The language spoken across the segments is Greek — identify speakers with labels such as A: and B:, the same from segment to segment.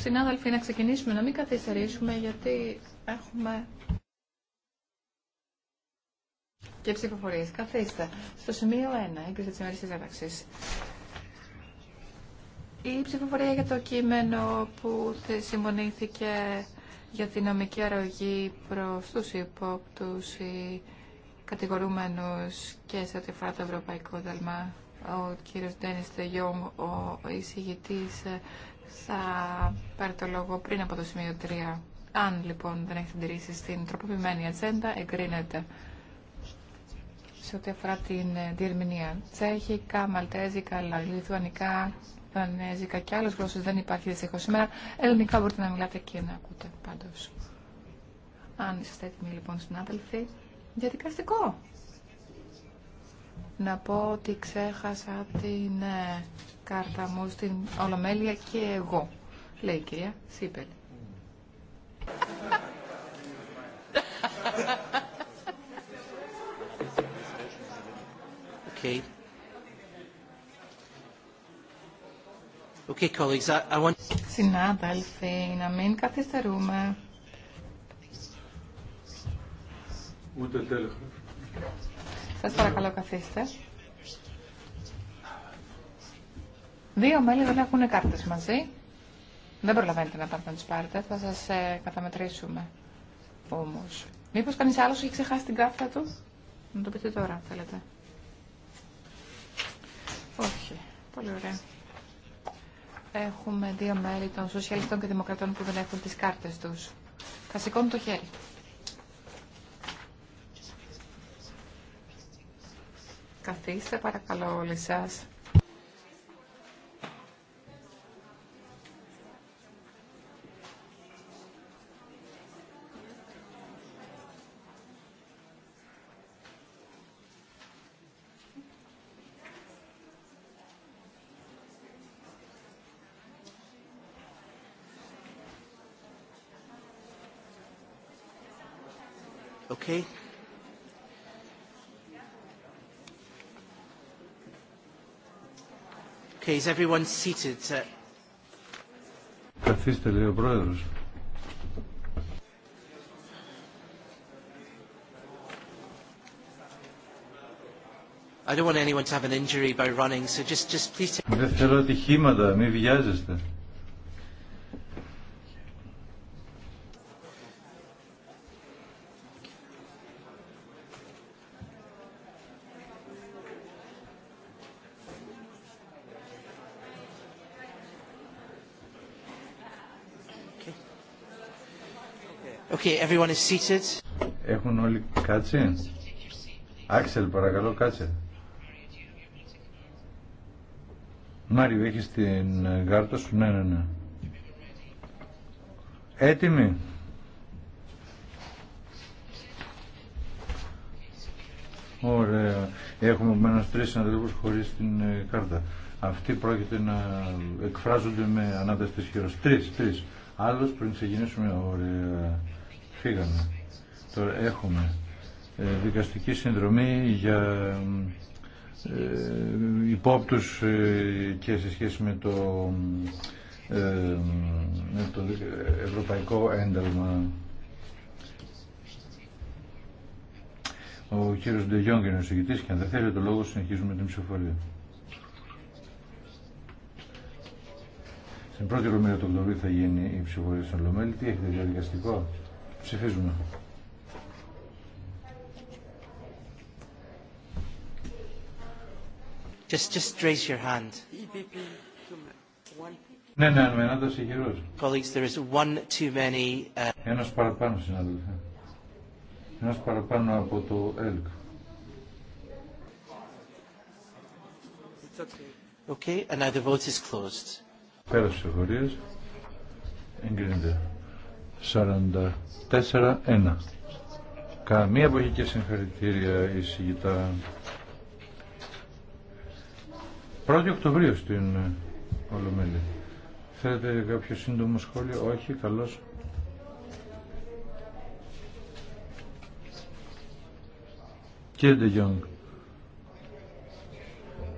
A: Συνάδελφοι, να ξεκινήσουμε, να μην καθυστερήσουμε, γιατί έχουμε και ψηφοφορίες. Καθίστε. Στο σημείο 1, έγκριση της ημέρης της Η ψηφοφορία για το κείμενο που συμφωνήθηκε για τη νομική αρρωγή προς τους υπόπτους ή κατηγορούμενους και σε ό,τι αφορά το ευρωπαϊκό δελμά ο κύριος Ντένις Τεγιόμ, ο εισηγητής, ε, θα πάρει το λόγο πριν από το σημείο 3. Αν λοιπόν δεν έχει συντηρήσει στην τροποποιημένη ατζέντα, εγκρίνεται σε ό,τι αφορά την ε, διερμηνία. Τσέχικα, Μαλτέζικα, Λιθουανικά, Δανέζικα και άλλες γλώσσες δεν υπάρχει δυστυχώς σήμερα. Ελληνικά μπορείτε να μιλάτε και να ακούτε πάντως. Αν είστε έτοιμοι λοιπόν συνάδελφοι, διαδικαστικό να πω ότι ξέχασα την ε, κάρτα μου στην Ολομέλεια και εγώ, λέει η κυρία Σίπελ. Okay.
B: Okay, colleagues, I want...
A: Συνάδελφοι, να μην καθυστερούμε. Ούτε σας παρακαλώ καθίστε. Δύο μέλη δεν έχουν κάρτες μαζί. Δεν προλαβαίνετε να πάρτε να τις πάρετε. Θα σας ε, καταμετρήσουμε όμως. Μήπως κανείς άλλος έχει ξεχάσει την κάρτα του. Να το πείτε τώρα θέλετε. Όχι. Πολύ ωραία. Έχουμε δύο μέλη των σοσιαλιστών και δημοκρατών που δεν έχουν τις κάρτες τους. Θα σηκώνουν το χέρι. Καθίστε παρακαλώ όλοι σας.
B: Okay. Okay, is everyone seated?
C: Καθίστε, λέει ο Πρόεδρος.
B: I don't want anyone to have an injury by running, so just, just please.
C: Δεν θέλω ατυχήματα, μη βιάζεστε. Έχουν όλοι κάτσει. Άξελ, παρακαλώ, κάτσε. Μάριο, έχει την κάρτα σου, ναι, ναι, ναι. Έτοιμοι Ωραία. Έχουμε μένα τρει συναδέλφου χωρί την ε, κάρτα. Αυτοί πρόκειται να εκφράζονται με ανάταση τη χειρό. Τρει, τρει. Άλλο πριν ξεκινήσουμε, ωραία φύγαμε. Τώρα έχουμε ε, δικαστική συνδρομή για ε, υπόπτους ε, και σε σχέση με το, το ευρωπαϊκό ένταλμα. Ο κύριος Ντεγιόγκ είναι ο συγκητής και αν δεν θέλει το λόγο συνεχίζουμε την ψηφοφορία. Στην πρώτη ολομέλεια του θα γίνει η ψηφοφορία στον Λομέλη. Τι έχετε διαδικαστικό. Ψηφίζουμε.
B: Just, just raise your hand. Ναι, ναι, ναι, ναι, ναι, ναι, Colleagues, there is one too many... Uh... Ένας παραπάνω,
C: συνάδελφε. Ένας παραπάνω από το ΕΛΚ.
B: Okay, and now the vote is closed.
C: Πέρασε ο εγκρίνεται. 44-1. Καμία εποχή και συγχαρητήρια εισηγητά. 1η Οκτωβρίου στην ε, Ολομέλη. Θέλετε κάποιο σύντομο σχόλιο. Όχι, καλώς. Κύριε Ντεγιόγκ.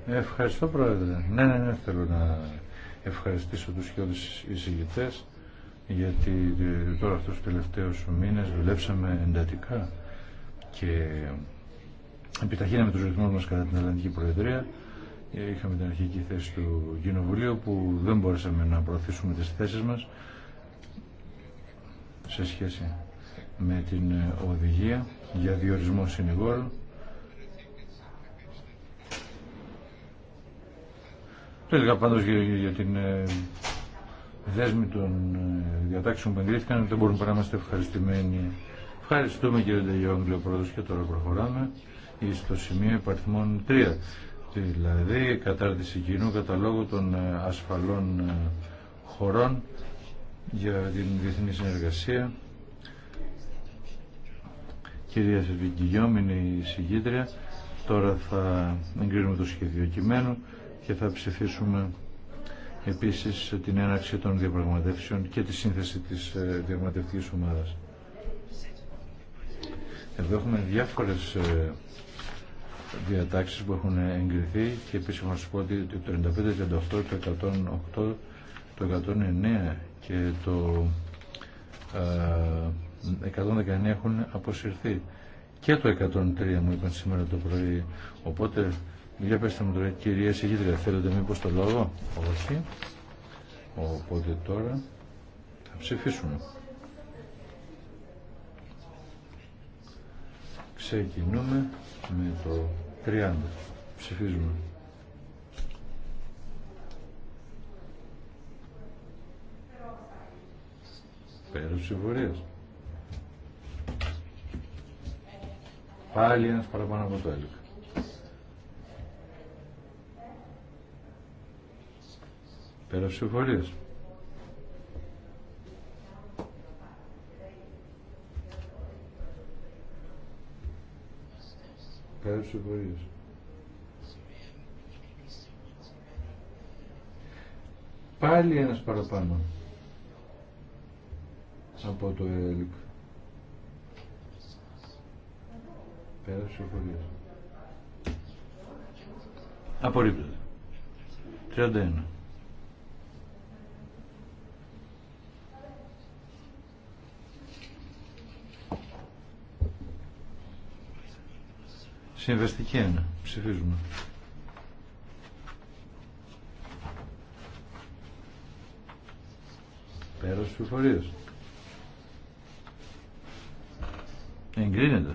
C: Ευχαριστώ πρόεδρε. Ναι, ναι, ναι, θέλω να ευχαριστήσω τους χιόδους εισηγητές γιατί ε, τώρα αυτούς τους τελευταίους μήνες δουλέψαμε εντατικά και επιταχύναμε τους ρυθμούς μας κατά την Ελληνική Προεδρία ε, είχαμε την αρχική θέση του Κοινοβουλίου που δεν μπορέσαμε να προωθήσουμε τις θέσεις μας σε σχέση με την ε, οδηγία για διορισμό συνηγόρου Τελικά πάντως για, για την δέσμοι των ε, διατάξεων που εγκρίθηκαν δεν μπορούμε παρά να είμαστε ευχαριστημένοι. Ευχαριστούμε κύριε Ντεγιόγκλη ο και τώρα προχωράμε στο σημείο υπαριθμών 3. Δηλαδή κατάρτιση κοινού καταλόγου των ε, ασφαλών ε, χωρών για την διεθνή συνεργασία. Κυρία Σεβικηγιόμ είναι η συγκίτρια. Τώρα θα εγκρίνουμε το σχέδιο κειμένου και θα ψηφίσουμε επίσης την έναρξη των διαπραγματεύσεων και τη σύνθεση της ε, διαπραγματευτικής ομάδας. Εδώ έχουμε διάφορες ε, διατάξεις που έχουν εγκριθεί και επίσης θα σας πω ότι το 35, το το 108, το 109 και το 119 ε, έχουν αποσυρθεί. Και το 103 μου είπαν σήμερα το πρωί. Οπότε για πέστε μου τώρα, κυρία Σιγήτρια, θέλετε μήπως το λόγο. Όχι. Οπότε τώρα θα ψηφίσουμε. Ξεκινούμε με το 30. Ψηφίζουμε. Πέρα ψηφορίας. Πάλι ένας παραπάνω από το έλεγχο. Πέρα ψηφορίας. Πέρα ψηφορίας. Πάλι ένας παραπάνω από το ΕΛΚ. Πέρα ψηφορίας. Απορρίπτεται. 31. Συμβεστική 1. Ψηφίζουμε. Πέρας της πληροφορίες. Εγκρίνεται.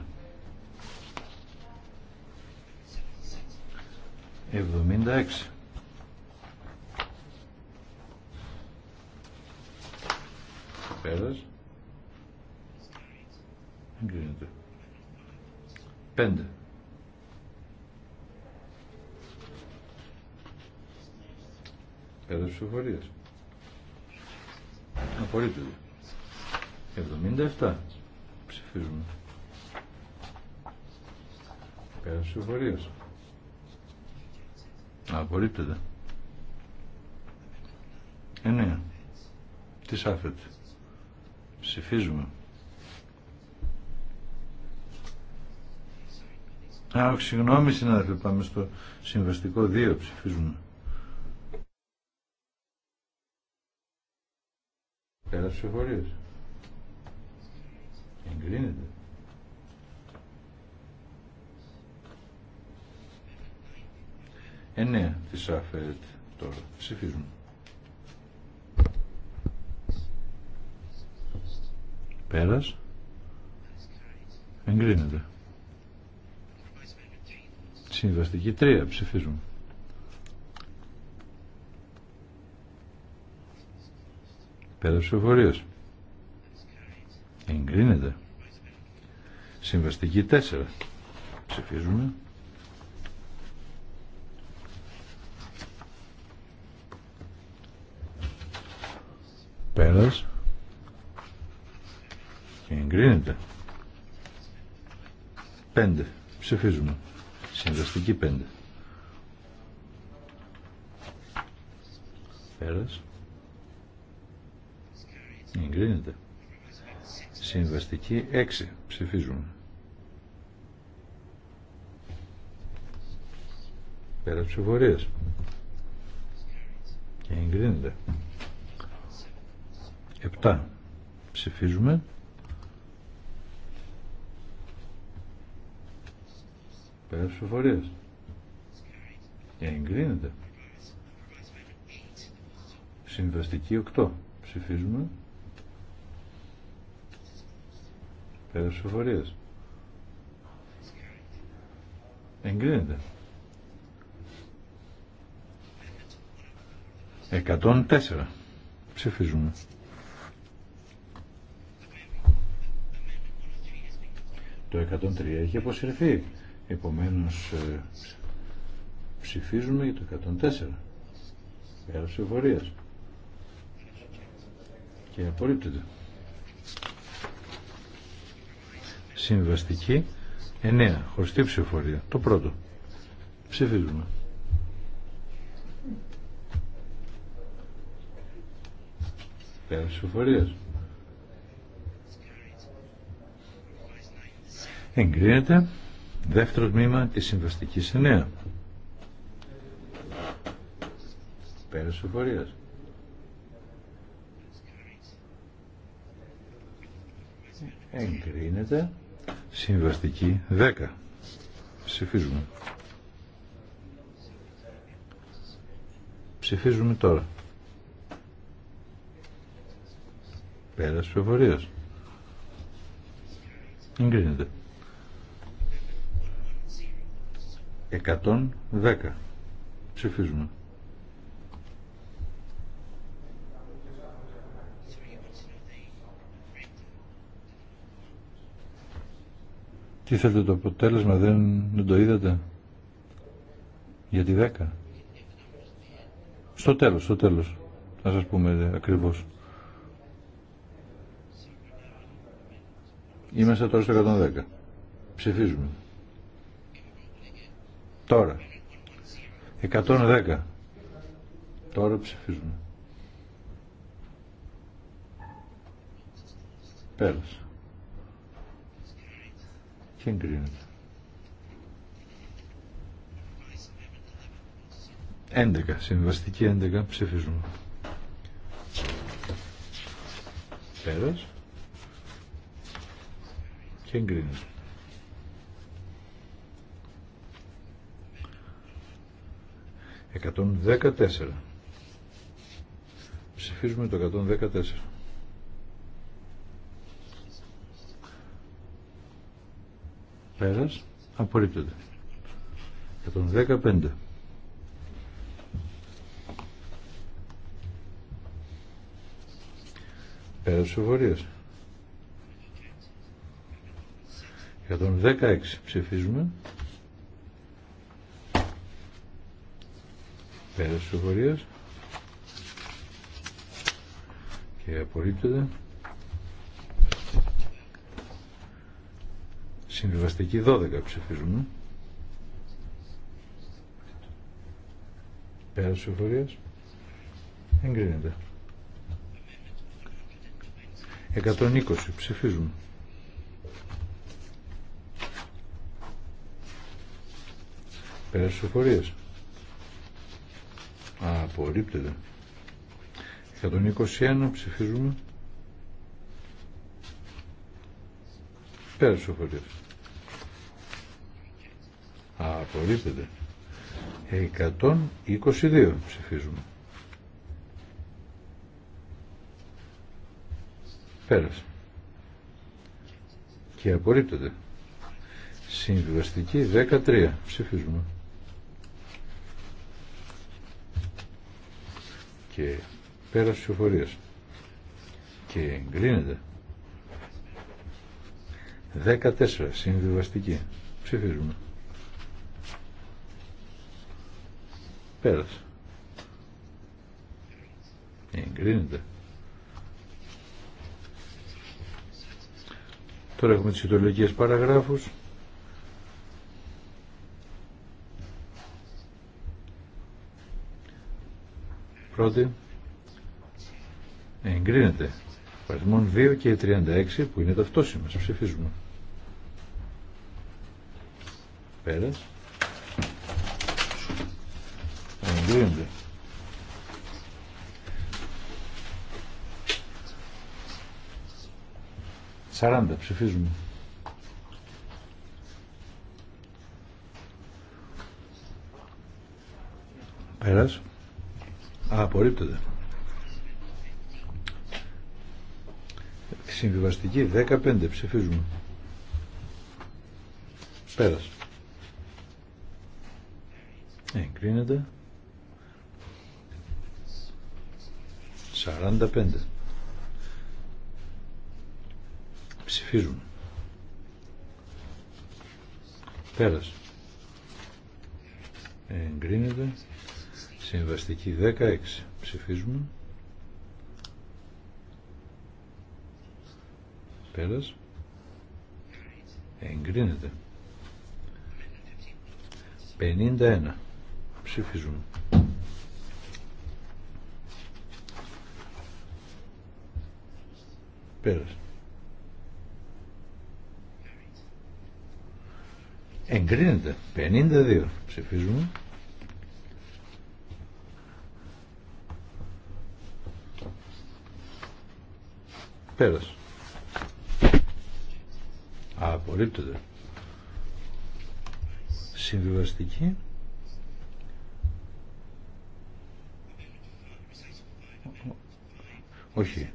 C: 76. Πέρας. Εγκρίνεται. 5. Πέρα ψηφοφορία. Απορρίπτεται. 77. Ψηφίζουμε. Πέρα ψηφοφορία. Απορρίπτεται. 9. Τι άφετ. Ψηφίζουμε. Α, συγγνώμη συνάδελφοι, πάμε στο συμβαστικό 2 ψηφίζουμε. ψηφορίες. Εγκρίνεται. Εννέα της ΑΦΕΤ τώρα. Ψηφίζουμε. Πέρας. Εγκρίνεται. Συμβαστική τρία ψηφίζουμε. Πέρα ψηφοφορίας. Εγκρίνεται. Συμβαστική 4. Ψηφίζουμε. Πέρας. Εγκρίνεται. 5. Ψηφίζουμε. Συμβαστική 5. Πέρας. Εγκρίνεται. Συμβαστική 6. Ψηφίζουμε. Πέρα ψηφορίες. Και εγκρίνεται. 7. Ψηφίζουμε. Πέρα ψηφορίες. Και εγκρίνεται. Συμβαστική 8. Ψηφίζουμε. Πέρα ψηφοφορίας. Εγκρίνεται. 104. Ψηφίζουμε. Το 103 έχει αποσυρθεί. Επομένως ε, ψηφίζουμε για το 104. Πέρα ψηφοφορίας. Και απορρίπτεται. Συμβαστική 9. Χωριστή ψηφοφορία. Το πρώτο. Ψηφίζουμε. Πέρα ψηφοφορίας. Εγκρίνεται δεύτερο τμήμα της συμβαστική 9. Πέρα ψηφοφορίας. Εγκρίνεται Συμβαστική 10. Ψηφίζουμε. Ψηφίζουμε τώρα. Πέρας ψηφοφορίας. Εγκρίνεται. 110. Ψηφίζουμε. Τι θέλετε το αποτέλεσμα, δεν, δεν το είδατε. Για τη 10. Στο τέλος, στο τέλος. Να σας πούμε ακριβώς. Είμαστε τώρα στο 110. Ψηφίζουμε. Τώρα. 110. Τώρα ψηφίζουμε. Πέρασε και εγκρίνεται. 11, συμβαστική 11, ψηφίζουμε. Πέρας και εγκρίνεται. Εκατόν τέσσερα. Ψηφίζουμε το 114. Πέρας. Απορρίπτεται. 115. Πέρας ψηφορίας. 116 ψηφίζουμε. Πέρας ψηφορίας. Και απορρίπτεται. Συμβιβαστική 12 ψηφίζουμε. Πέρας ψηφορίας. Εγκρίνεται. 120 ψηφίζουμε. Πέρας ψηφορίας. Απορρίπτεται. 121 ψηφίζουμε. Πέρας ψηφορίας. Απορρίπτεται. 122 ψηφίζουμε. Πέρασε. Και απορρίπτεται. Συμβιβαστική 13 ψηφίζουμε. Και πέρασε ψηφορίας. Και εγκρίνεται. 14 συμβιβαστική. Ψηφίζουμε. Πέρασε. Εγκρίνεται. Τώρα έχουμε τις ιδεολογικές παραγράφους. Πρώτη. Εγκρίνεται. Παριθμών 2 και 36 που είναι ταυτόσιμες. Ψηφίζουμε. Πέρασε. εγκρίνεται. Σαράντα ψηφίζουμε. Πέρας. Α, απορρίπτεται. Συμβιβαστική 15 ψηφίζουμε. Πέρας. Εγκρίνεται. 45. Ψηφίζουν. Πέρασε. Εγκρίνεται. Συμβαστική 16. Ψηφίζουμε. Πέρασε. Εγκρίνεται. 51. Ψηφίζουμε. Πέρασε. Εγκρίνεται. 52. Ψηφίζουμε. Πέρασε. Απορρίπτεται. Συμβιβαστική. Όχι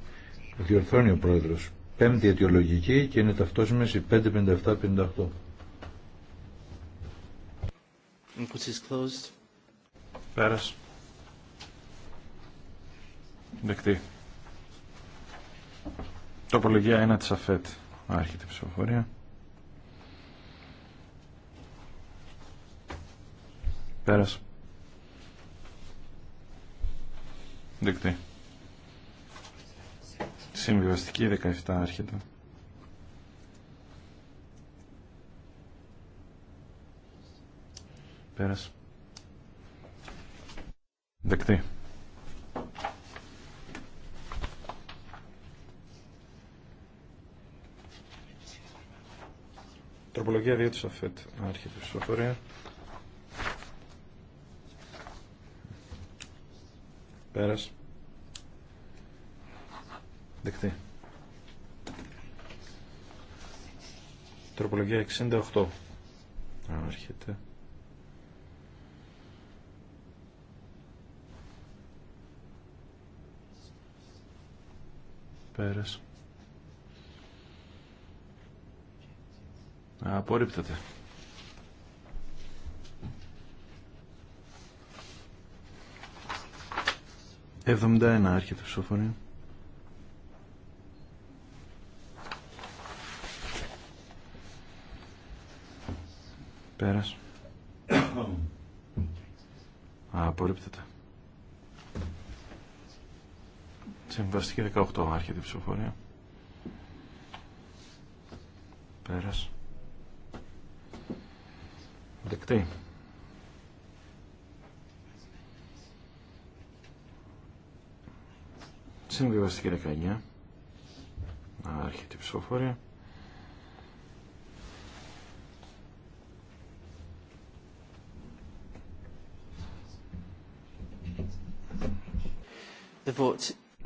C: διορθώνει ο πρόεδρο Πέμπτη αιτιολογική και είναι ταυτόσιμε οι 58
B: Πέρας.
D: Δεκτή. Τοπολογία 1 της ΑΦΕΤ. Άρχεται η ψηφοφορία. Πέρας. Δεκτή. Συμβιβαστική 17 άρχεται. Πέρας. Δεκτή. Τροπολογία 2 της ΑΦΕΤ. Άρχεται η ψηφοφορία. Πέρας. Δεκτή. Τροπολογία 68. έρχεται. Πέρας. Απορρίπτεται. Εβδομήντα ένα άρχεται ψηφοφορία. Πέρας. Απορρίπτεται. Συμβαστική 18 άρχεται η ψηφοφορία. Πέρας. Δεκτή. Συμβιβαστική 19. Άρχεται η ψηφοφορία.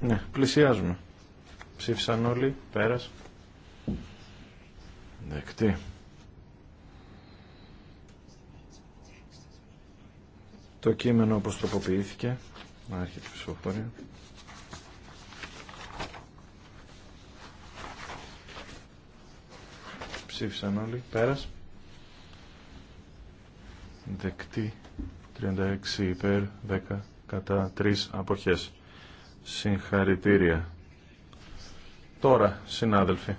D: Ναι, πλησιάζουμε. Ψήφισαν όλοι, πέρας. Δεκτή. Το κείμενο όπως τροποποιήθηκε, να έρχεται η ψηφοφορία. Ψήφισαν όλοι, πέρας. Δεκτή, 36 υπέρ, 10 κατά 3 αποχές. Συγχαρητήρια. Τώρα, συνάδελφοι,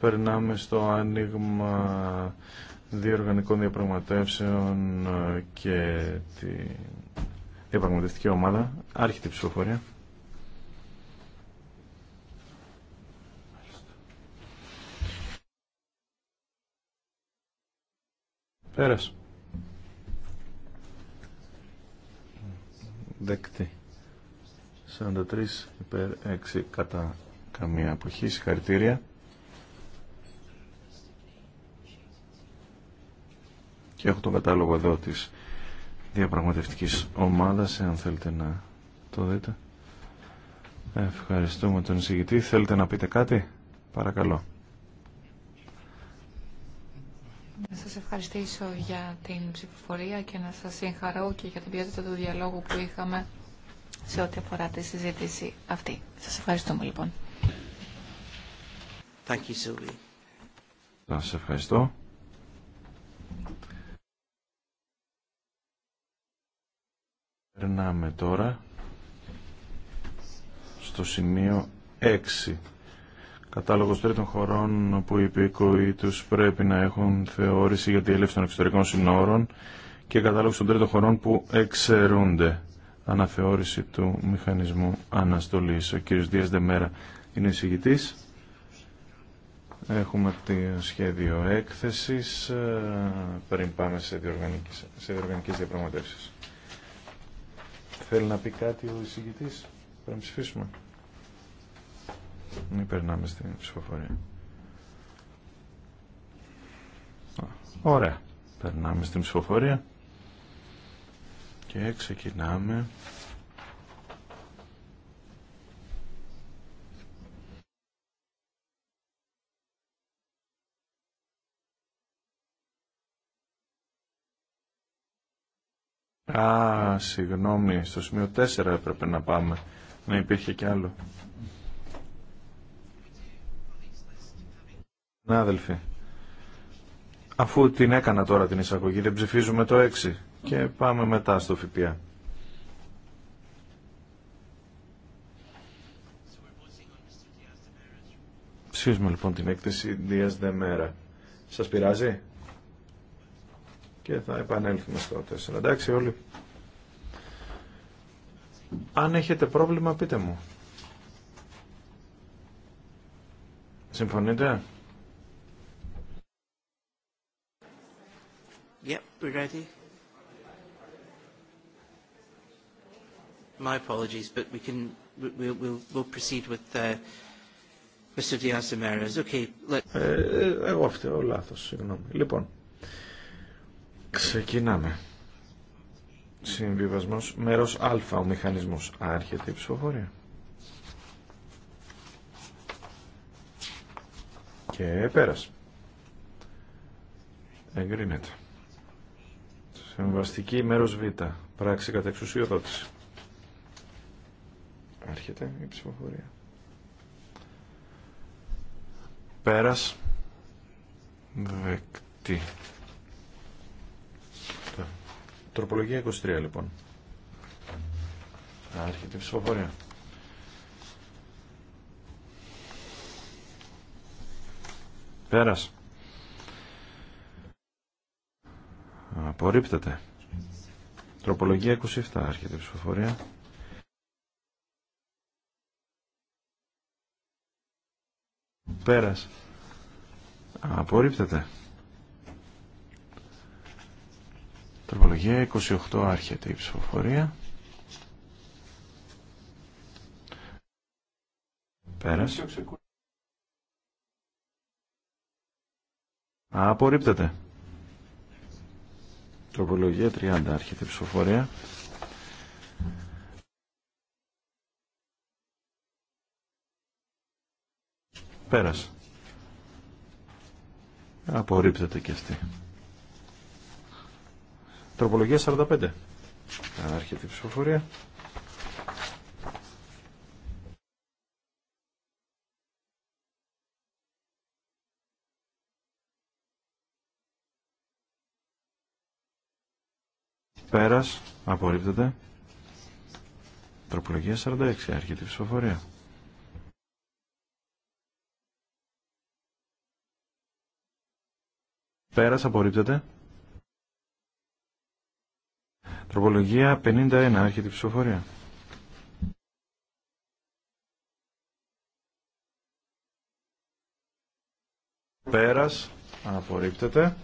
D: περνάμε στο άνοιγμα διοργανικών διαπραγματεύσεων ε, και τη διαπραγματευτική ομάδα. Άρχεται η ψηφοφορία. Πέρασε. δεκτή. 43 υπέρ 6 κατά καμία αποχή. Συγχαρητήρια. Και έχω τον κατάλογο εδώ της διαπραγματευτικής ομάδας, εάν θέλετε να το δείτε. Ευχαριστούμε τον εισηγητή. Θέλετε να πείτε κάτι. Παρακαλώ.
A: Να σας ευχαριστήσω για την ψηφοφορία και να σας συγχαρώ και για την ποιότητα του διαλόγου που είχαμε σε ό,τι αφορά τη συζήτηση αυτή. Σας ευχαριστούμε λοιπόν.
B: Thank you, σας
D: ευχαριστώ. Περνάμε τώρα στο σημείο 6 κατάλογος τρίτων χωρών που οι υπηκοοί τους πρέπει να έχουν θεώρηση για τη έλευση των εξωτερικών συνόρων και κατάλογος των τρίτων χωρών που εξαιρούνται αναθεώρηση του μηχανισμού αναστολής. Ο κ. Δίας Δεμέρα είναι εισηγητής. Έχουμε το σχέδιο έκθεσης ε, πριν πάμε σε διοργανικέ σε διοργανικές διαπραγματεύσεις. Θέλει να πει κάτι ο εισηγητής. Πρέπει να ψηφίσουμε. Μην περνάμε στην ψηφοφορία. Ωραία. Περνάμε στην ψηφοφορία. Και ξεκινάμε. Α, συγγνώμη, στο σημείο 4 έπρεπε να πάμε. Να υπήρχε κι άλλο. αδελφοί, αφού την έκανα τώρα την εισαγωγή, δεν ψηφίζουμε το 6 και πάμε μετά στο ΦΠΑ. Ψηφίζουμε λοιπόν την έκθεση Δίας Δεμέρα. Σας πειράζει? Και θα επανέλθουμε στο 4. Εντάξει όλοι. Αν έχετε πρόβλημα πείτε μου. Συμφωνείτε?
B: Yep, we're ready. My apologies, but we can we'll we'll, we'll proceed with uh, Mr. Diaz de Okay, let.
D: Ε, ε εγώ αυτό λάθος, συγγνώμη. Λοιπόν, ξεκινάμε. Συμβιβασμός μέρος Α, ο μηχανισμός. Άρχεται η ψηφοφορία. Και πέρασε. Εγκρίνεται. Συμβαστική μέρος Β. Πράξη κατά εξουσιοδότηση. Άρχεται η ψηφοφορία. Πέρας. Δεκτή. Τροπολογία 23 λοιπόν. Άρχεται η ψηφοφορία. Πέρας. Απορρίπτεται. Τροπολογία 27. Άρχεται η ψηφοφορία. Πέρας. Απορρίπτεται. Τροπολογία 28. Άρχεται η ψηφοφορία. Πέρας. Απορρίπτεται. Τροπολογία 30. Άρχεται ψηφοφορία. Πέρασε. Απορρίπτεται και αυτή. Τροπολογία 45. Άρχεται η ψηφοφορία. Πέρας. Απορρίπτεται. Τροπολογία 46. Άρχεται ψηφοφορία. Πέρας. Απορρίπτεται. Τροπολογία 51. Άρχεται ψηφοφορία. Πέρας. Απορρίπτεται.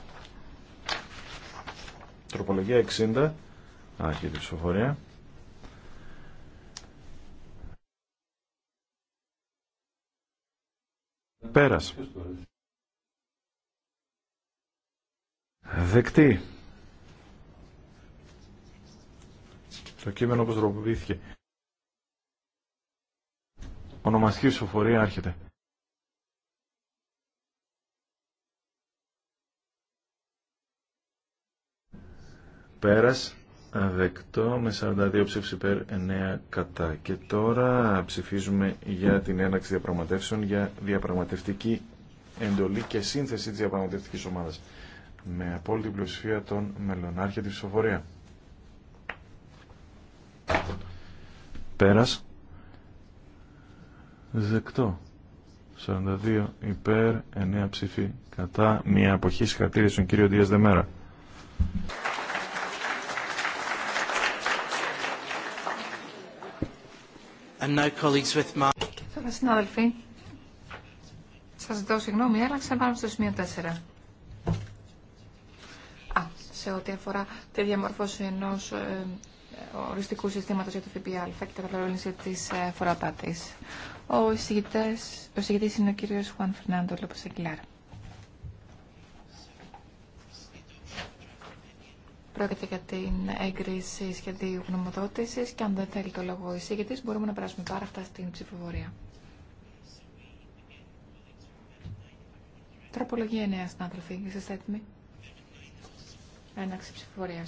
D: Τροπολογία 60. Άρχιε τη ψηφοφορία. Πέρας. Δεκτή. Το κείμενο όπως τροποποιήθηκε. Ονομαστική ψηφοφορία άρχεται. πέρας δεκτό με 42 ψήφους υπέρ 9 κατά. Και τώρα ψηφίζουμε για την έναξη διαπραγματεύσεων για διαπραγματευτική εντολή και σύνθεση της διαπραγματευτικής ομάδας με απόλυτη πλειοψηφία των μελών. τη η ψηφοφορία. Πέρας. Δεκτό. 42 υπέρ, 9 ψήφοι κατά, μία αποχή συγχαρητήρια στον κύριο Δίας Δεμέρα.
B: And now colleagues
A: Και συνάδελφοι, σας ζητώ συγγνώμη, αλλά πάνω στο σημείο 4. Α, σε ό,τι αφορά τη διαμορφώση ενός ε, οριστικού συστήματος για το ΦΠΑ και την καταναλώνηση της ε, φοροαπάτης. Ο εισηγητής είναι ο κύριος Χουάν Φερνάντο Λόπος Αγγιλάρα. Πρόκειται για την έγκριση σχεδίου γνωμοδότηση και αν δεν θέλει το λόγο ο εισηγητής μπορούμε να περάσουμε πάρα αυτά στην ψηφοφορία. Τροπολογία 9, συνάδελφοι. Είστε έτοιμοι. Έναξη ψηφοφορία.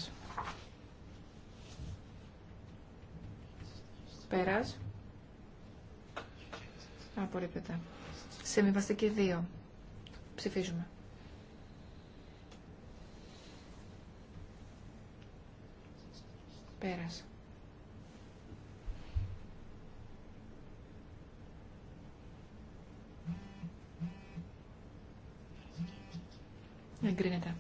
A: Πέρα. Απορρίπτεται. Συμβιβαστική 2. Ψηφίζουμε. Πέρας. Εγκρίνεται.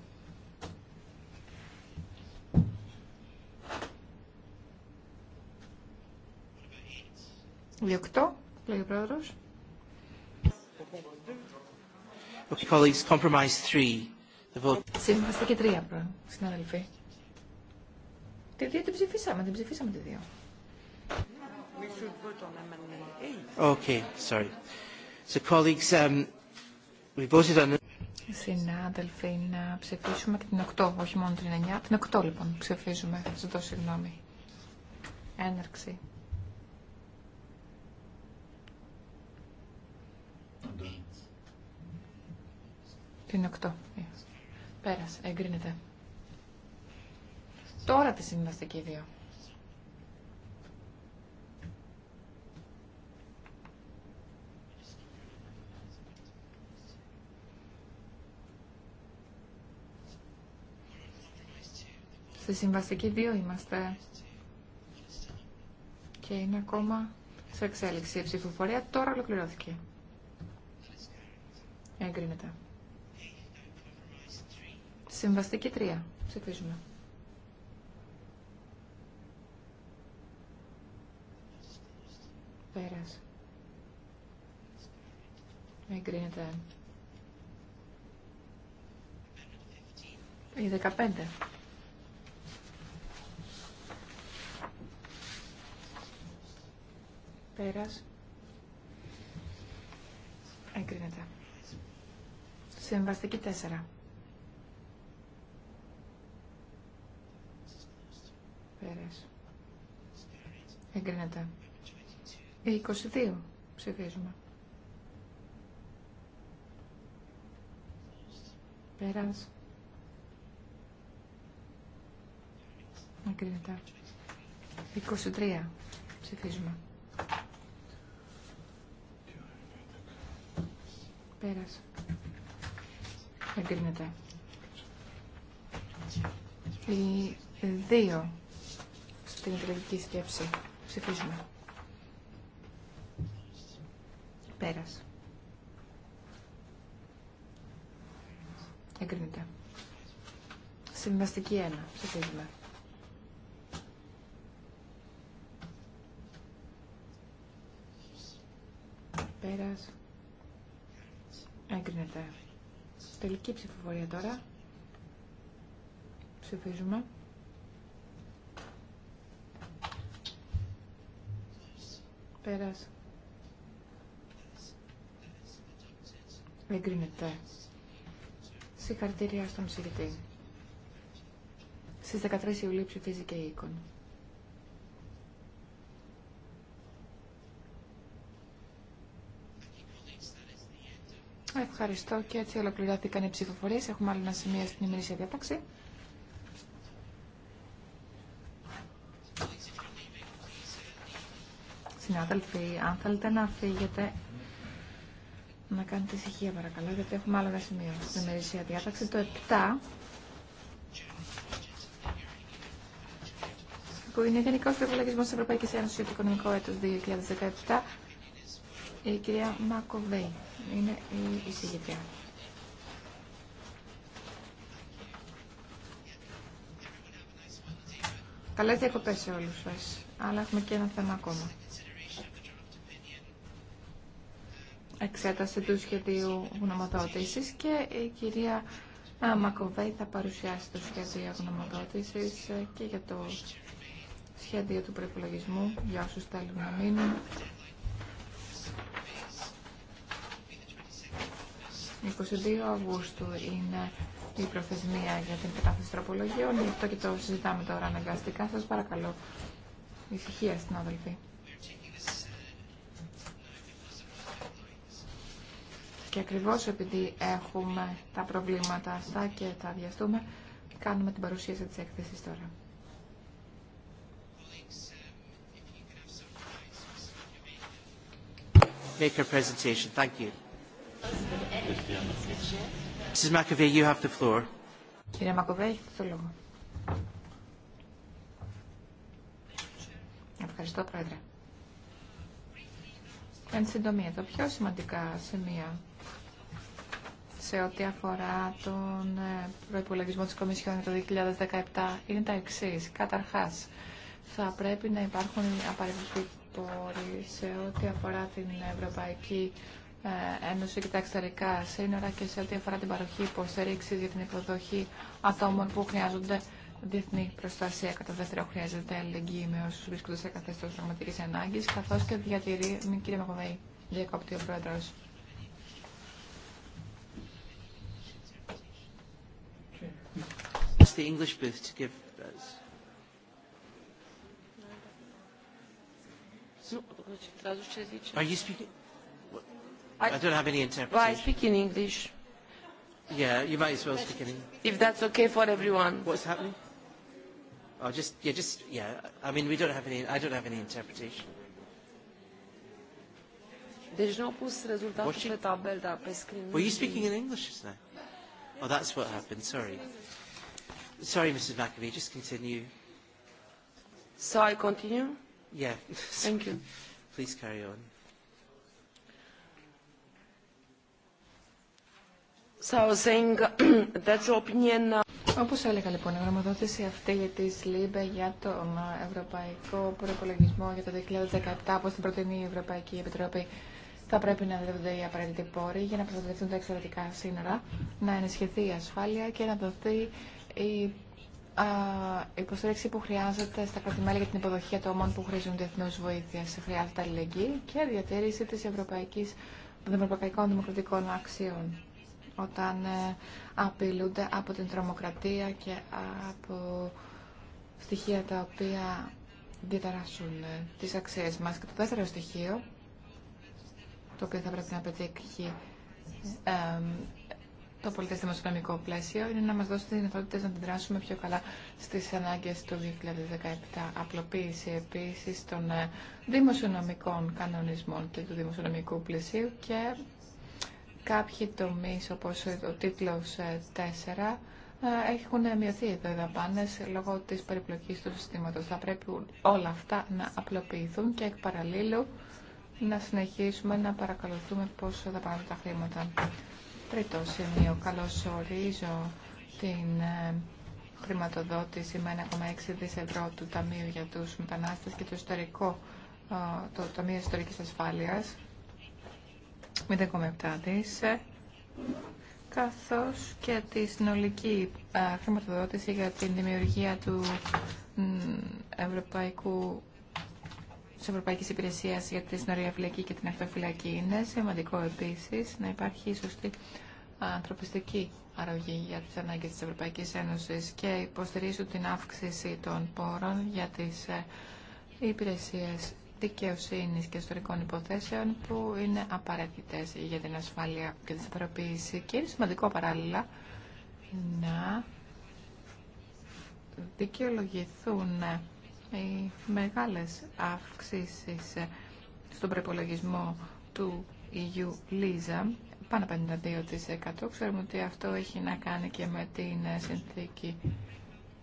A: Διοκτώ, λέει ο πρόεδρος. Okay, colleagues, τρία, πρόεδρε, συναδελφοί. Τη δύο την ψηφίσαμε, την ψηφίσαμε τη δύο. Okay,
B: sorry. So colleagues, um, we voted on...
A: Συνάδελφοι, να ψηφίσουμε και την 8, όχι μόνο την 9. Την 8 λοιπόν ψηφίζουμε, ζητώ συγγνώμη. Έναρξη. Την 8. Πέρασε, εγκρίνεται τώρα τη συμβαστική 2. Στη συμβαστική 2 είμαστε και είναι ακόμα σε εξέλιξη. Η ψηφοφορία τώρα ολοκληρώθηκε. Εγκρίνεται. Συμβαστική 3. Ψηφίζουμε. Πέρας. Εγκρίνεται. Η 15. Πέρας. Εγκρίνεται. Συμβαστική 4. Πέρας. Εγκρίνεται. 22 ε, ψηφίζουμε. Πέρας. Εγκρίνεται. 23 ψηφίζουμε. Πέρας. Εγκρίνεται. Οι 2 στην τελική σκέψη ψηφίζουμε. Πέρας. Εγκρίνεται. Συμβαστική ένα. Ψηφίζουμε. Πέρας. Εγκρίνεται. Τελική ψηφοφορία τώρα. Ψηφίζουμε. Πέρας. Εγκρίνεται. Συγχαρητήρια στον συγκεκριτή. Στις 13 Ιουλίου ψηφίζει και η Οίκον. Ευχαριστώ και έτσι ολοκληρώθηκαν οι ψηφοφορίε. Έχουμε άλλη ένα σημείο στην ημερήσια διάταξη. Συνάδελφοι, αν θέλετε να φύγετε, να κάνετε ησυχία παρακαλώ, γιατί έχουμε άλλο ένα σημείο στην ημερήσια διάταξη. Το 7, που είναι Γενικό Προπολογισμό τη Ευρωπαϊκή Ένωση για το Οικονομικό Έτο 2017, η κυρία Μακοβέη είναι η εισηγητριά. Καλέ διακοπέ σε όλου σα, αλλά έχουμε και ένα θέμα ακόμα. εξέταση του σχεδίου γνωμοδότησης και η κυρία Μακοβέη θα παρουσιάσει το σχέδιο γνωμοδότησης ε, και για το σχέδιο του προπολογισμού για όσους θέλουν να μείνουν. 22 Αυγούστου είναι η προθεσμία για την κατάθεση τροπολογίων, γι' αυτό και το συζητάμε τώρα αναγκαστικά. Σας παρακαλώ, ησυχία στην αδελφή. Και ακριβώς επειδή έχουμε τα προβλήματα αυτά και τα βιαστούμε, κάνουμε την παρουσίαση της έκθεσης τώρα.
B: Make your presentation. Thank you. Mrs. McAvey, you have the floor.
A: Κύριε Μακοβέ, έχετε το λόγο. Ευχαριστώ, Πρόεδρε. Εν συντομία, τα πιο σημαντικά σημεία σε ό,τι αφορά τον ε, προπολογισμό της Κομισιόν το 2017 είναι τα εξή. Καταρχάς, θα πρέπει να υπάρχουν απαραίτητοι πόροι σε ό,τι αφορά την Ευρωπαϊκή ε, Ένωση και τα εξωτερικά σύνορα και σε ό,τι αφορά την παροχή υποστήριξη για την υποδοχή ατόμων που χρειάζονται διεθνή προστασία. Κατά δεύτερο, χρειάζεται αλληλεγγύη με όσου βρίσκονται σε καθεστώ πραγματική ανάγκη, καθώ και διατηρεί. Κύριε Μακοβέη, διακόπτει ο Πρόεδρο.
B: the English booth to give those.
A: Are you speaking? I don't have any interpretation. Well, I speak in English.
B: Yeah, you might as well speak in English.
A: If that's okay for everyone. What's happening?
B: Oh, just yeah, just yeah. I mean, we don't have any. I don't have any interpretation.
A: Were you speaking in English
B: just now? Oh, that's what happened. Sorry. Sorry, Mrs. just
A: Όπως έλεγα λοιπόν, η γραμματοδότηση αυτή για τη ΛΥΜΠΕ για τον ε, Ευρωπαϊκό Προπολογισμό για το 2017, όπως την προτείνει η Ευρωπαϊκή Επιτροπή, θα πρέπει να δίδονται οι απαραίτητοι πόροι για να προστατευτούν τα εξωτερικά σύνορα, να ενισχυθεί η ασφάλεια και να δοθεί η υποστήριξη που χρειάζεται στα κρατημέλη για την υποδοχή ατόμων που χρήζουν διεθνού βοήθεια. Χρειάζεται αλληλεγγύη και διατήρηση της ευρωπαϊκής, των ευρωπαϊκών δημοκρατικών αξιών όταν ε, απειλούνται από την τρομοκρατία και από στοιχεία τα οποία διαταράσσουν ε, τις αξίες μας. Και το δεύτερο στοιχείο, το οποίο θα πρέπει να πετύχει ε, το πολιτεστημοσιονομικό πλαίσιο είναι να μας δώσει τις δυνατότητες να αντιδράσουμε πιο καλά στις ανάγκες του 2017. Απλοποίηση επίσης των ε, δημοσιονομικών κανονισμών και του δημοσιονομικού πλαισίου και κάποιοι τομείς όπως ο τίτλος 4 ε, ε, έχουν μειωθεί εδώ οι δαπάνε λόγω της περιπλοκής του συστήματος. Θα πρέπει όλα αυτά να απλοποιηθούν και εκ παραλλήλου να συνεχίσουμε να παρακολουθούμε πώς πάρουν τα χρήματα τρίτο σημείο. Καλωσορίζω την ε, χρηματοδότηση με 1,6 δις ευρώ του Ταμείου για τους Μετανάστες και το, ιστορικό, ε, το Ταμείο Ιστορικής Ασφάλειας, 0,7 δις, ε, καθώς και τη συνολική χρηματοδότηση για την δημιουργία του Ευρωπαϊκού της Ευρωπαϊκής Υπηρεσίας για τη Φυλακή και την Αυτοφυλακή. είναι σημαντικό επίσης να υπάρχει σωστή ανθρωπιστική αρρωγή για τις ανάγκες της Ευρωπαϊκής Ένωσης και υποστηρίζουν την αύξηση των πόρων για τις ε, υπηρεσίες δικαιοσύνη και ιστορικών υποθέσεων που είναι απαραίτητες για την ασφάλεια και τη σταθεροποίηση και είναι σημαντικό παράλληλα να δικαιολογηθούν ε, οι μεγάλες αυξήσεις ε, στον προπολογισμό του EU LISA πάνω 52%. Ξέρουμε ότι αυτό έχει να κάνει και με την ε, συνθήκη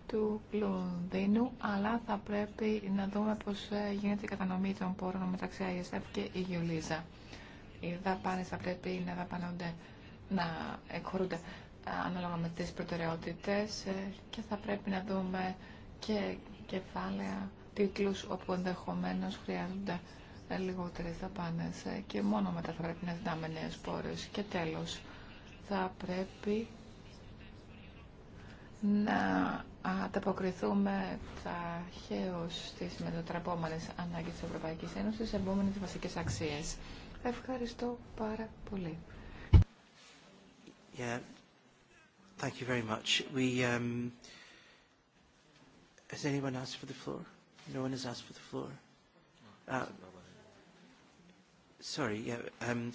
A: του Λονδίνου, αλλά θα πρέπει να δούμε πώς ε, γίνεται η κατανομή των πόρων μεταξύ ISF και η Γιουλίζα. Οι δαπάνες θα πρέπει να δαπανούνται, να εκχωρούνται ε, ανάλογα με τις προτεραιότητες και θα πρέπει να δούμε και κεφάλαια τίτλους όπου ενδεχομένω χρειάζονται ε, λιγότερες δαπάνες ε, και μόνο μετά θα πρέπει να ζητάμε νέε πόρε. Και τέλος, θα πρέπει να ανταποκριθούμε ταχαίως στις μετατραπόμενε ανάγκε τη Ευρωπαϊκής Ένωσης, επόμενες τις βασικές αξίες. Ευχαριστώ πάρα πολύ.
B: Yeah. Thank you very much. We, um, has anyone asked for the floor? No one has asked for the floor. Uh, Um,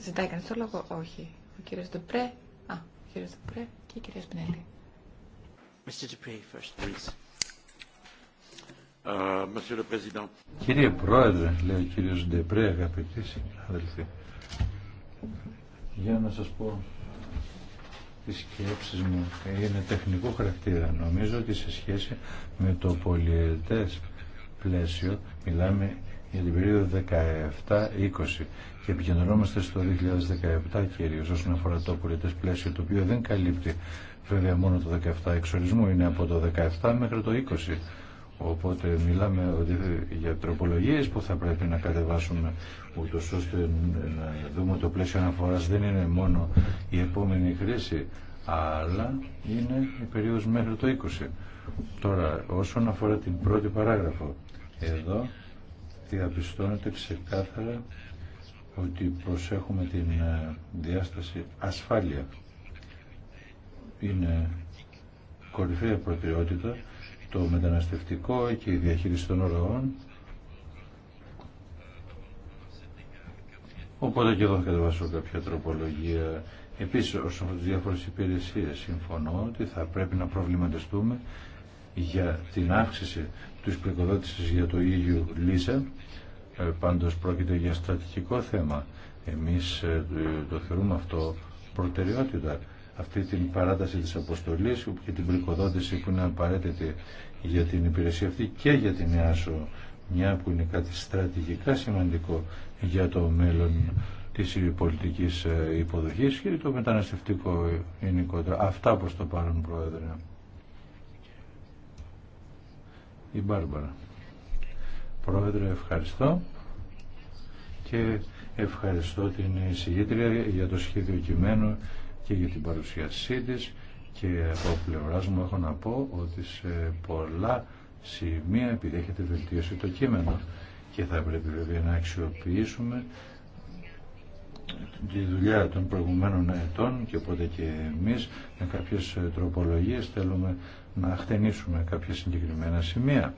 A: Ζητάει κανείς το λόγο, όχι. Ο κύριος Ντεπρέ, α, ο κύριος Δουπρέ και η κυρία Σπινέλη.
B: Ε, Κύριε Πρόεδρε,
C: λέει ο κύριος Ντεπρέ, αγαπητοί συνάδελφοι, για να σας πω τις σκέψεις μου είναι τεχνικό χαρακτήρα. Νομίζω ότι σε σχέση με το πολιετές πλαίσιο μιλάμε για την περίοδο 17-20 και επικεντρωνόμαστε στο 2017 κυρίως όσον αφορά το πολιτές πλαίσιο το οποίο δεν καλύπτει βέβαια μόνο το 17 εξορισμού είναι από το 17 μέχρι το 20 οπότε μιλάμε ότι για τροπολογίες που θα πρέπει να κατεβάσουμε ούτω ώστε να δούμε το πλαίσιο αναφοράς δεν είναι μόνο η επόμενη χρήση αλλά είναι η περίοδος μέχρι το 20 τώρα όσον αφορά την πρώτη παράγραφο εδώ διαπιστώνεται ξεκάθαρα ότι προσέχουμε την ε, διάσταση ασφάλεια. Είναι κορυφαία προτεραιότητα το μεταναστευτικό και η διαχείριση των ροών. Οπότε και εδώ θα κατεβάσω κάποια τροπολογία. Επίσης, όσον με τις διάφορες υπηρεσίες, συμφωνώ ότι θα πρέπει να προβληματιστούμε για την αύξηση της πληκοδότησης για το ίδιο e Λίζα ε, πάντως πρόκειται για στρατηγικό θέμα. Εμείς ε, το θεωρούμε αυτό προτεραιότητα. Αυτή την παράταση της αποστολής και την πληκοδότηση που είναι απαραίτητη για την υπηρεσία αυτή και για την ΕΑΣΟ, μια που είναι κάτι στρατηγικά σημαντικό για το μέλλον της πολιτικής ε, υποδοχής και το μεταναστευτικό γενικότερα. Αυτά προς το παρόν, Πρόεδρε. Η Μπάρμπαρα. Πρόεδρε, ευχαριστώ και ευχαριστώ την εισηγήτρια για το σχέδιο κειμένου και για την παρουσίασή της και από πλευρά μου έχω να πω ότι σε πολλά σημεία επιδέχεται βελτίωση το κείμενο και θα πρέπει βέβαια να αξιοποιήσουμε τη δουλειά των προηγουμένων ετών και οπότε και εμείς με κάποιες τροπολογίες θέλουμε να χτενίσουμε κάποια συγκεκριμένα σημεία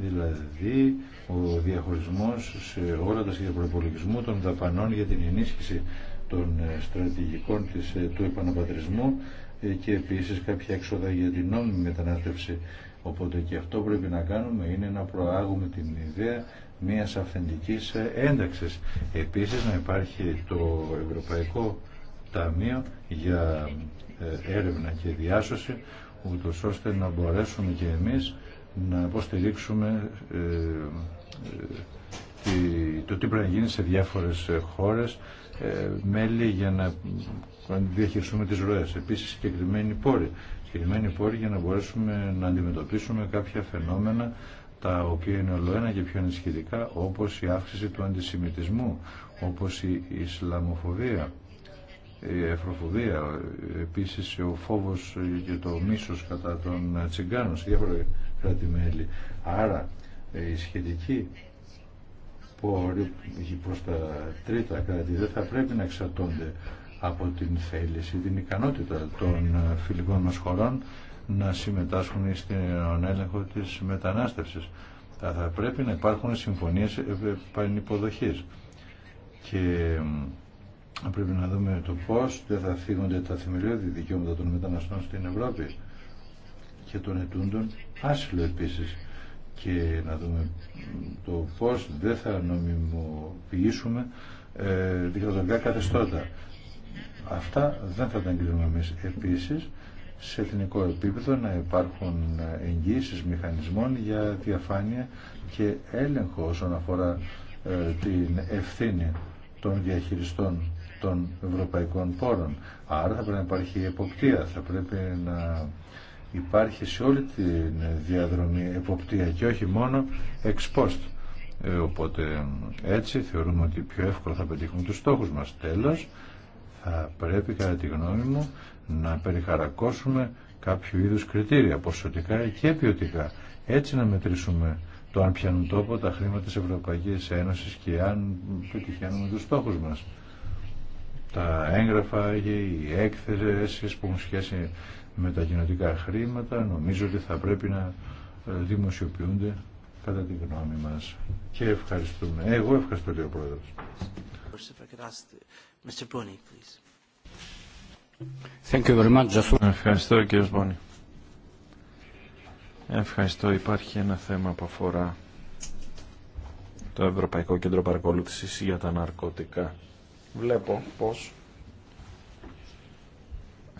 C: δηλαδή ο διαχωρισμός σε όλα τα σχέδια προπολογισμού των δαπανών για την ενίσχυση των ε, στρατηγικών της, ε, του επαναπατρισμού ε, και επίσης κάποια έξοδα για την νόμιμη μετανάστευση. Οπότε και αυτό πρέπει να κάνουμε είναι να προάγουμε την ιδέα μιας αυθεντικής ένταξης. Επίσης να υπάρχει το Ευρωπαϊκό Ταμείο για έρευνα και διάσωση ούτως ώστε να μπορέσουμε και εμείς να υποστηρίξουμε ε, ε, το τι πρέπει να γίνει σε διάφορες χώρες ε, μέλη για να διαχειριστούμε τις ροές. Επίσης συγκεκριμένοι πόροι. Συγκεκριμένη πόρη για να μπορέσουμε να αντιμετωπίσουμε κάποια φαινόμενα τα οποία είναι ολοένα και πιο ενισχυτικά όπως η αύξηση του αντισημιτισμού, όπως η Ισλαμοφοβία, η Εφροφοβία, επίσης ο φόβος και το μίσος κατά των τσιγκάνων σε διάφορα κρατη Άρα ε, η σχετική πόροι προς τα τρίτα κράτη δεν θα πρέπει να εξαρτώνται από την θέληση, την ικανότητα των ε, φιλικών μας χωρών να συμμετάσχουν στον έλεγχο της μετανάστευσης. Θα πρέπει να υπάρχουν συμφωνίες ε, πανυποδοχής. και πρέπει να δούμε το πώς δεν θα φύγονται τα θεμελιώδη δικαιώματα των μεταναστών στην Ευρώπη και των ετούντων άσυλο επίσης και να δούμε το πώς δεν θα νομιμοποιήσουμε ε, δικαιοδοτικά καθεστώτα. Αυτά δεν θα τα εγκρίνουμε εμείς επίσης σε εθνικό επίπεδο να υπάρχουν εγγύσει μηχανισμών για διαφάνεια και έλεγχο όσον αφορά ε, την ευθύνη των διαχειριστών των ευρωπαϊκών πόρων. Άρα θα πρέπει να υπάρχει εποπτεία, θα πρέπει να υπάρχει σε όλη τη διαδρομή εποπτεία και όχι μόνο ex post. Ε, οπότε έτσι θεωρούμε ότι πιο εύκολα θα πετύχουμε τους στόχους μας. Τέλος, θα πρέπει κατά τη γνώμη μου να περιχαρακώσουμε κάποιο είδους κριτήρια, ποσοτικά και ποιοτικά. Έτσι να μετρήσουμε το αν πιάνουν τόπο τα χρήματα της Ευρωπαϊκής Ένωσης και αν πετυχαίνουμε τους στόχους μας. Τα έγγραφα, οι έκθεσεις που έχουν σχέση με τα κοινοτικά χρήματα νομίζω ότι θα πρέπει να ε, δημοσιοποιούνται κατά τη γνώμη μας. Και ευχαριστούμε. Εγώ
B: ευχαριστώ κύριο Πρόεδρο.
D: Ευχαριστώ κύριε Μπόνι. Ευχαριστώ. Υπάρχει ένα θέμα που αφορά το Ευρωπαϊκό Κέντρο Παρακολούθησης για τα Ναρκωτικά. Βλέπω πως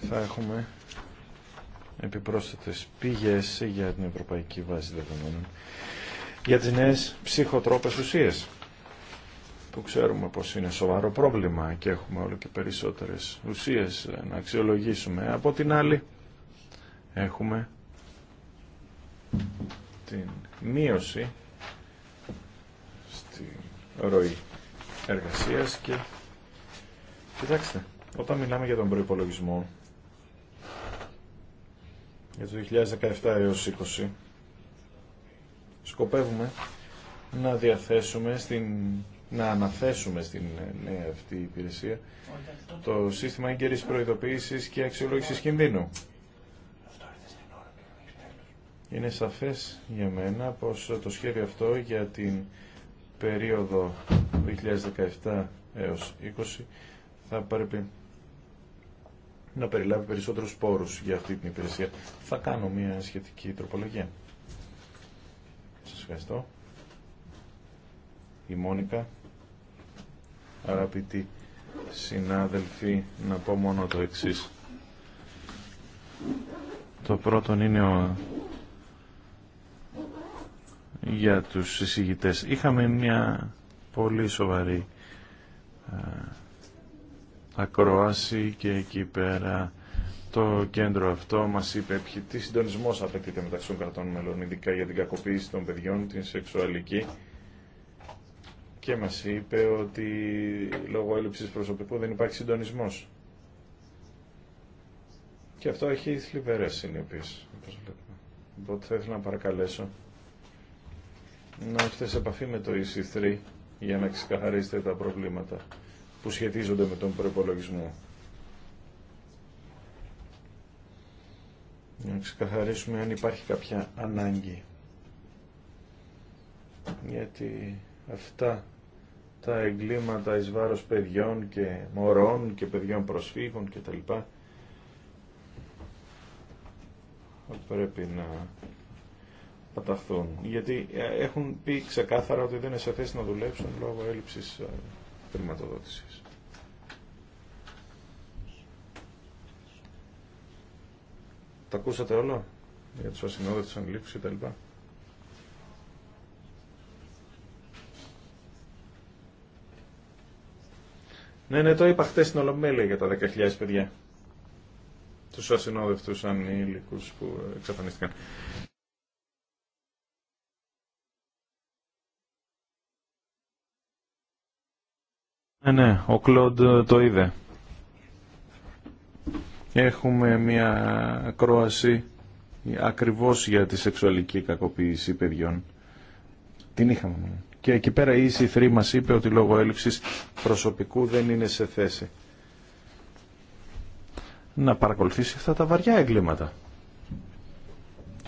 D: θα έχουμε επιπρόσθετες πηγές για την Ευρωπαϊκή Βάση Δεδομένων για τις νέες ψυχοτρόπες ουσίες που ξέρουμε πως είναι σοβαρό πρόβλημα και έχουμε όλο και περισσότερες ουσίες να αξιολογήσουμε. Από την άλλη έχουμε την μείωση στη ροή εργασίας και κοιτάξτε, όταν μιλάμε για τον προϋπολογισμό για το 2017 έως 2020 σκοπεύουμε να διαθέσουμε να αναθέσουμε στην νέα αυτή υπηρεσία το σύστημα έγκαιρης προειδοποίησης και αξιολόγησης κινδύνου. Είναι σαφές για μένα πως το σχέδιο αυτό για την περίοδο 2017 έως 20 θα πρέπει να περιλάβει περισσότερους πόρους για αυτή την υπηρεσία. Θα κάνω μια σχετική τροπολογία. Σας ευχαριστώ. Η Μόνικα. Αγαπητοί συνάδελφοι, να πω μόνο το εξής. Το πρώτο είναι για τους συζητητές. Είχαμε μια πολύ σοβαρή ακροάση και εκεί πέρα το κέντρο αυτό μας είπε τι συντονισμός απαιτείται μεταξύ των κρατών μελών, ειδικά για την κακοποίηση των παιδιών, την σεξουαλική και μας είπε ότι λόγω έλλειψης προσωπικού δεν υπάρχει συντονισμός. Και αυτό έχει θλιβερές συνέπειες, Οπότε θα ήθελα να παρακαλέσω να είστε σε επαφή με το EC3 για να ξεκαθαρίσετε τα προβλήματα που σχετίζονται με τον προπολογισμό. Να ξεκαθαρίσουμε αν υπάρχει κάποια ανάγκη. Γιατί αυτά τα εγκλήματα εις βάρος παιδιών και μωρών και παιδιών προσφύγων και τα λοιπά πρέπει να παταχθούν. Γιατί έχουν πει ξεκάθαρα ότι δεν είναι σε θέση να δουλέψουν λόγω έλλειψης ε, χρηματοδότησης. Τα ακούσατε όλα για τους ασυνόδευτους αγγλίξους κτλ. Ναι, ναι, το είπα χθε στην Ολομέλεια για τα 10.000 παιδιά. Του ασυνόδευτου ανήλικου που εξαφανίστηκαν. Ναι, ναι, ο Κλοντ ε, το είδε. Έχουμε μια κρόαση ακριβώς για τη σεξουαλική κακοποίηση παιδιών. Την είχαμε μόνο. Και εκεί πέρα η EC3 μας είπε ότι λόγω έλλειψης προσωπικού δεν είναι σε θέση να παρακολουθήσει αυτά τα βαριά εγκλήματα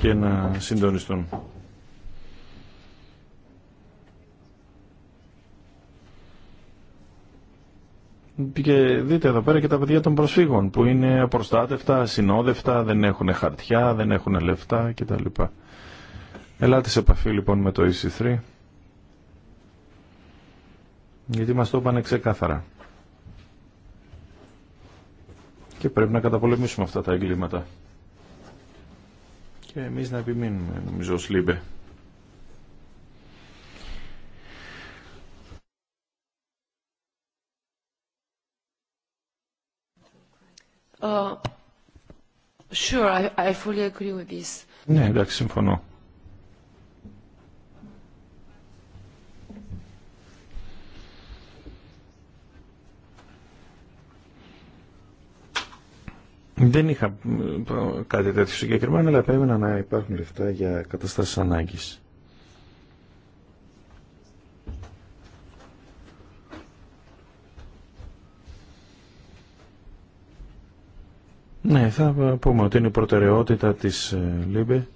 D: και να συντονιστούν. Και δείτε εδώ πέρα και τα παιδιά των προσφύγων που είναι απροστάτευτα, συνόδευτα, δεν έχουν χαρτιά, δεν έχουν λεφτά κτλ. Ελάτε σε επαφή λοιπόν με το EC3 γιατί μας το είπανε ξεκάθαρα. Και πρέπει να καταπολεμήσουμε αυτά τα εγκλήματα. Και εμείς να επιμείνουμε νομίζω ως Λίμπε. Uh, ναι, εντάξει, συμφωνώ. Δεν είχα ε, κάτι τέτοιο συγκεκριμένο, αλλά επέμενα να υπάρχουν λεφτά για καταστάσεις ανάγκης. Ναι, θα πούμε ότι είναι η προτεραιότητα της ε, ΛΥΜΠΕ.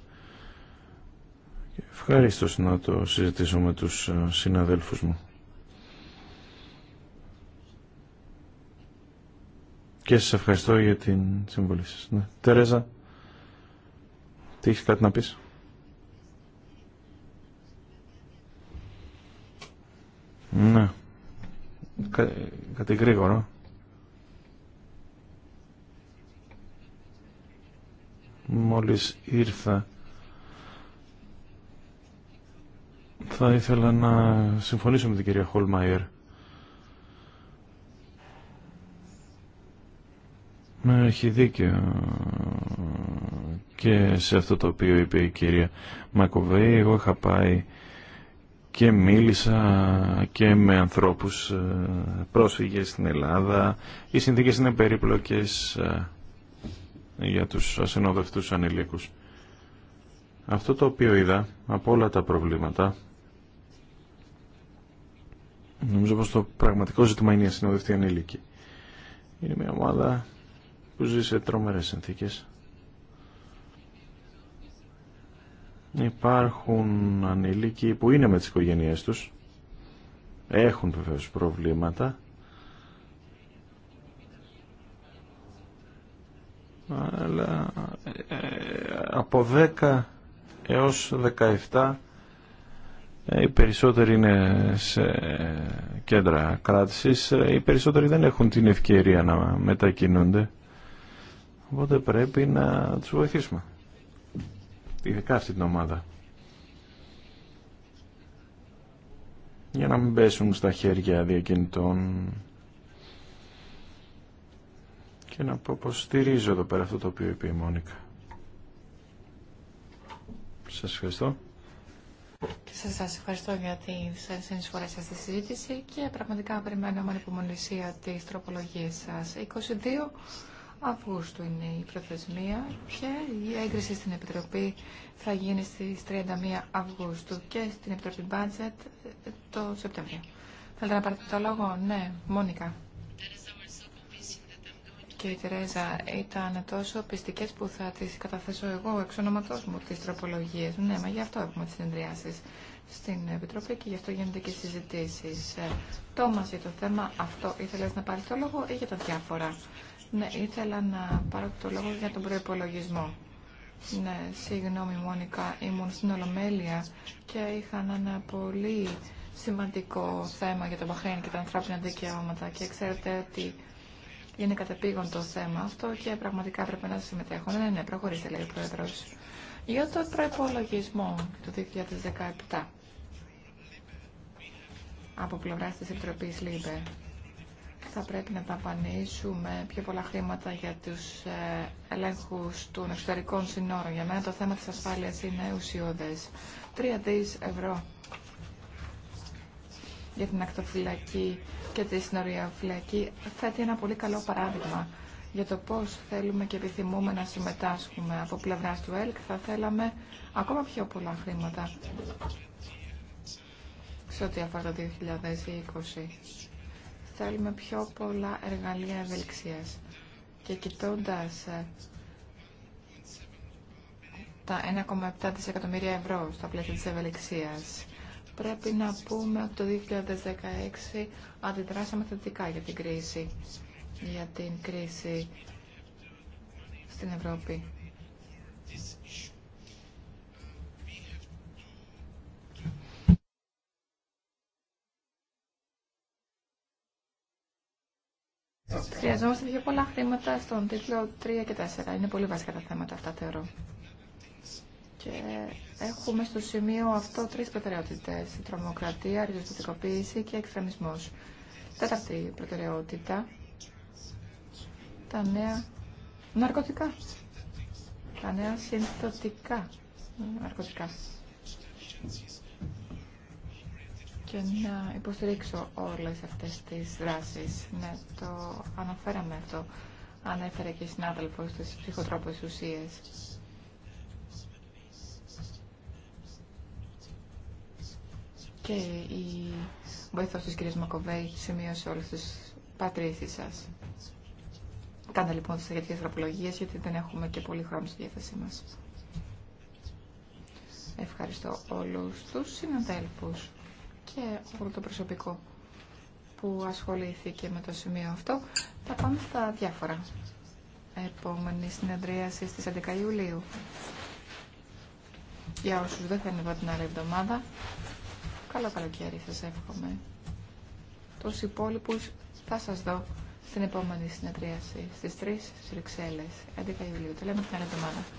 D: Ευχαριστώ να το συζητήσω με τους ε, συναδέλφους μου. Και σας ευχαριστώ για την συμβολή σας. Ναι. Τερέζα, τι έχεις κάτι να πεις. Ναι. Κα, κάτι γρήγορο. μόλις ήρθα θα ήθελα να συμφωνήσω με την κυρία Χολμαϊρ. Με έχει δίκιο και σε αυτό το οποίο είπε η κυρία Μακοβέη. Εγώ είχα πάει και μίλησα και με ανθρώπους ε, πρόσφυγες στην Ελλάδα. Οι συνθήκες είναι περίπλοκες ε, για τους ασυνοδευτούς ανηλίκους. Αυτό το οποίο είδα από όλα τα προβλήματα, νομίζω πως το πραγματικό ζήτημα είναι η ασυνοδευτή ανήλικη. Είναι μια ομάδα που ζει σε τρομερές συνθήκες. Υπάρχουν ανήλικοι που είναι με τις οικογένειές τους, έχουν βεβαίως προβλήματα, αλλά ε, από 10 έως 17 ε, οι περισσότεροι είναι σε κέντρα κράτησης, ε, οι περισσότεροι δεν έχουν την ευκαιρία να μετακινούνται. Οπότε πρέπει να τους βοηθήσουμε. Ειδικά αυτή την ομάδα. Για να μην πέσουν στα χέρια διακινητών και να πω πως στηρίζω εδώ πέρα αυτό το οποίο είπε η Μόνικα. Σας ευχαριστώ.
A: Και σας, σας ευχαριστώ για τι συνεισφορά σας στη συζήτηση και πραγματικά περιμένω με ανυπομονησία της τροπολογίες σας. 22 Αυγούστου είναι η προθεσμία και η έγκριση στην Επιτροπή θα γίνει στις 31 Αυγούστου και στην Επιτροπή Budget το Σεπτέμβριο. Θέλετε να πάρετε το λόγο, ναι, Μόνικα και η Τερέζα ήταν τόσο πιστικέ που θα τι καταθέσω εγώ εξ ονόματό μου τι τροπολογίε. Ναι, μα γι' αυτό έχουμε τι συνεδριάσει στην Επιτροπή και γι' αυτό γίνονται και συζητήσει. Ε, Τόμας για το θέμα αυτό Ήθελε να πάρει το λόγο ή για τα διάφορα. Ναι, ήθελα να πάρω το λόγο για τον προπολογισμό. Ναι, συγγνώμη Μόνικα, ήμουν στην Ολομέλεια και είχαν ένα πολύ σημαντικό θέμα για τον Μπαχρέιν και τα ανθρώπινα δικαιώματα και ξέρετε ότι είναι κατεπήγον το θέμα αυτό και πραγματικά πρέπει να συμμετέχουν. Ναι, ναι, προχωρήστε, λέει ο Πρόεδρο. Για το προπολογισμό του 2017 από πλευρά τη Επιτροπή ΛΥΜΠΕ θα πρέπει να ταπανίσουμε πιο πολλά χρήματα για τους ε, ελέγχου των εξωτερικών συνόρων. Για μένα το θέμα τη ασφάλεια είναι ουσιώδε. 3 δι ευρώ για την ακτοφυλακή και τη συνοριοφυλακή θέτει ένα πολύ καλό παράδειγμα για το πώς θέλουμε και επιθυμούμε να συμμετάσχουμε από πλευράς του ΕΛΚ θα θέλαμε ακόμα πιο πολλά χρήματα σε ό,τι αφορά το 2020 θέλουμε πιο πολλά εργαλεία ευελιξίας και κοιτώντας ε, τα 1,7 δισεκατομμύρια ευρώ στα πλαίσια της ευελιξίας πρέπει να πούμε ότι το 2016 αντιδράσαμε θετικά για την κρίση, για την κρίση στην Ευρώπη. Χρειαζόμαστε πιο πολλά χρήματα στον τίτλο 3 και 4. Είναι πολύ βασικά τα θέματα αυτά, θεωρώ. Και έχουμε στο σημείο αυτό τρεις προτεραιότητες. Τρομοκρατία, ριζοστατικοποίηση και Τέτα Τέταρτη προτεραιότητα, τα νέα ναρκωτικά. Τα νέα συνθετικά ναρκωτικά. Και να υποστηρίξω όλες αυτές τις δράσεις. Ναι, το αναφέραμε αυτό. Ανέφερε και η συνάδελφος στις ψυχοτρόπες ουσίες και η βοηθός της κύρια Μακοβέη σημείωσε όλες τις πατρίσει σας. Κάντε λοιπόν τις σχετικές τροπολογίες γιατί δεν έχουμε και πολύ χρόνο στη διάθεσή μα. Ευχαριστώ όλους τους συναδέλφου και όλο το προσωπικό που ασχολήθηκε με το σημείο αυτό. Θα πάμε στα διάφορα. Επόμενη συνεδρίαση στις 11 Ιουλίου. Για όσους δεν θα είναι εδώ την άλλη εβδομάδα, Καλό καλοκαίρι σας εύχομαι. Τους υπόλοιπους θα σας δω στην επόμενη συνεδρίαση στις 3 στις 11 Ιουλίου. Του λέμε την άλλη εβδομάδα.